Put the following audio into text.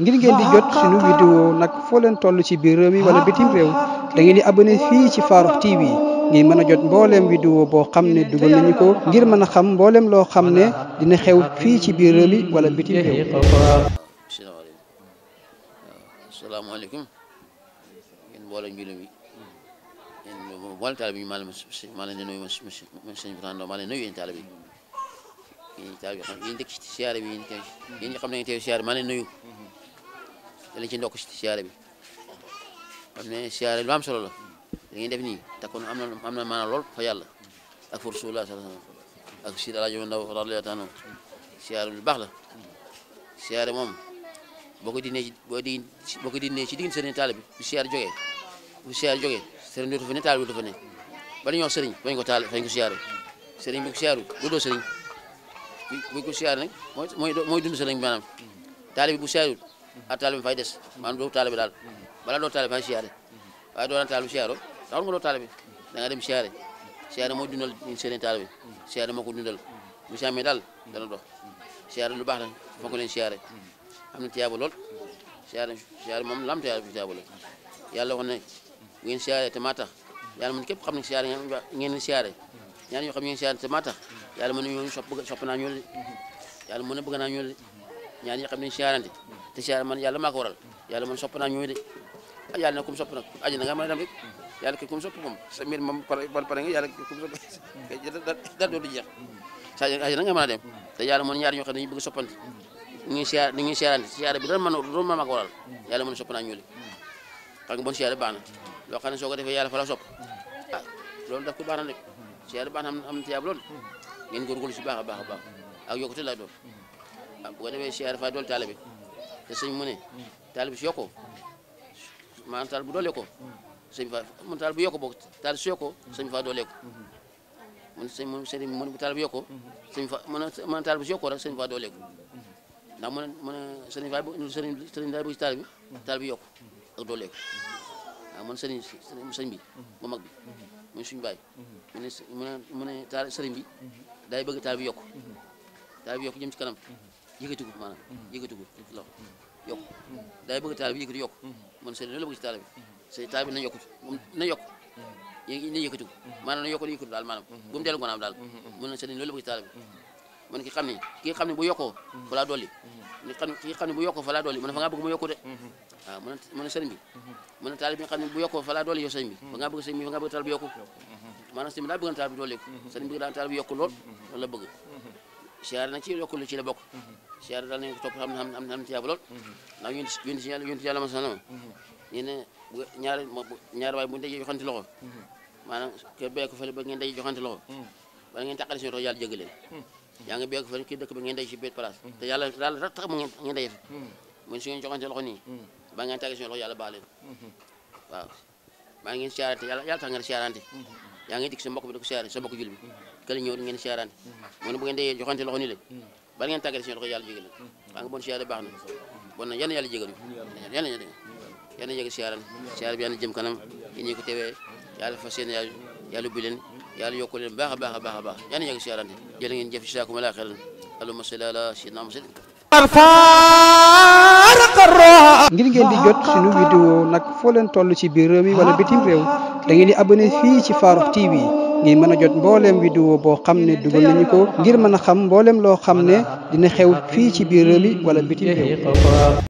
ngir ngeen di jot suñu vidéo nag foo leen toll ci biir réew mi wala bitim réew da di abonné fii ci Farokh TV ngir mën a jot mbooleem vidéo boo xam ne dugal nañu ko ngir mën a xam mbooleem loo xam ne dina xew fii ci biir réew wala bitim réew. asalaamaaleykum yéen mboolem jullit bi yéen mboolem taalibe bi maa leen di nuyu yéen taal bi xam yéen dëkk ci siyaare ne teew siyaare maa ci ndokk ci siyaare bi xam ne siyaare lu am solo la da ngeen def nii takkoon am na am na maanaam lool fa yàlla ak fa rasulullah sallallahu alayhi wasallam ak sid alaaji ndaw radiyallahu anhu siyaare lu baax la siyaare moom boo ko dinee ci boo di boo ko dinee ci diggante sëriñ taal bi bu siyaare jógee bu siyaare jógee sëriñ dootu fa ne taal bi dootu fa ne ba dañoo ko taal fañ bi doo doo bu ko siyaar nag mooy mooy dund sa lañ maanaam taalibe bu siyaarut a taalibe fay des maanaam doo taalibe daal balaa doo taalibe fay siyaare waaye doo daan taalibe siyaaroo taxul da nga dem mooy dundal seen taalibe siyaare moo ko dundal bu siyaare lu baax la foog leen siyaare am na tiyaaba lool siyaare siyaare la yàlla wax ne ngeen siyaare te maa tax yàlla man képp xam ne siyaare ngeen Yalaman mu ne ñooñu sopp sopp naa ñooñu yàlla mu ne bëgg naa ñooñu ñaar ñi xam ne siyaarante te siyaar man yàlla maa ko waral yàlla man sopp naa ñooñu de ah yàlla na ku mu sopp nag aji na nga mën a dem rek yàlla kay ku mu sopp moom sa mbir moom pare pare nga yàlla ku mu sopp dara doo du jeex sa aji nga a dem te yàlla mu ñaar bëgg ñu ñu bi man ma waral sopp bon fa la sopp daf ko am na tiyaab ngeen góorgóorlu si baax a baax a baax ak yokkute lay doon ah bu ko defee Cheikh dafay dool taale bi te sëñ mu ne taale bu doolee ko sëñ fa mun taal bu yokko boog taal su yokkoo sëñ fa doolee ko mun sëñ mun sëñ mun bu taal bu yokkoo sëñ fa mën a mën taal a a sëriñ mag bi mooy suñu baay. Mhm. mu ne mu ne mu ne taal sëriñ bi mhm. daay bëgg taal bi yokku. Mhm. taal bi yokku jëm ci kanam. yëkkatiku maanaam. yëkkatiku loxo yokku. daay bëgg taal bi yëkkati yokku. man sëriñ loolu la bëgg ci taal bi. sëriñ taal bi na yokku na yokku. na yëkkatiku. maanaam na yokku na yëkkatiku daal maanaam. bu mu dellu ngonaam daal. mu ne sëriñ loolu la bëgg ci taal bi. man ki xam ne ki xam ne bu yokkoo. balaa dolli. nit xam ki xam ne bu yokkoo fa laa dolli man fa ngaa bëgg mu yokku de waaw mën a mën a sëriñ bi mën a taal bi nga xam ne bu yokkoo fa laa dolli yow sëriñ bi fa ngaa bëgg sëriñ bi fa ngaa bëgg taal bi yokku mhm. maanaam sëriñ bi daal bëgg na taal bi dolli ko mhm. sëriñ bi daan taal bi yokku lool mhm. loolu la bëgg siyaare nag ci yokku lu ci la bokk siyaare daal topp xam ne am lool ndax yónni yónni si ma ñaar ñaar bu dajee joxante loxo maanaam ke bee ko fële ba ngeen dajee loxo wala ngeen tàqale seen loxo yàlla jëgg leen Yang ngi beeg fan kii dëkk bi ngeen day ci biir place te yàlla daal rek tax mu ngeen ngeen day mun su ngeen joxante loxo nii ba ngeen tàggee suñu loxo yàlla baaleen waaw maa ngeen siyaarante yàlla yàlla tax ngeen siyaarante yaa ngi dikk sa mbokk bi da ko siyaare sa mbokk jul bi kële ñëw ngeen siyaarante mu ne bu ngeen dee joxante loxo nii la ba ngeen tàggee suñu loxo yàlla jégal xam nga bon siyaare baax hmm. bon na yal na yàlla jégal yal na yàlla yal na jégal bi yàlla jëm kanam ñi ko teewee yàlla fas yéene yàlla yàlla ubbi leen yàlla yokk leen baax a bah, a baax a baax siaran na ngeen jëf jazaakum Allaahu xayran allahumma salli ala sayyidina Muhammad ngir ngeen di jot suñu vidéo ci biir mi wala bitim da ngeen di abonné ci TV ngir mën jot mbooleem vidéo boo xam ne nañu ko ngir mën xam mbooleem loo xam dina xew ci biir mi wala bitim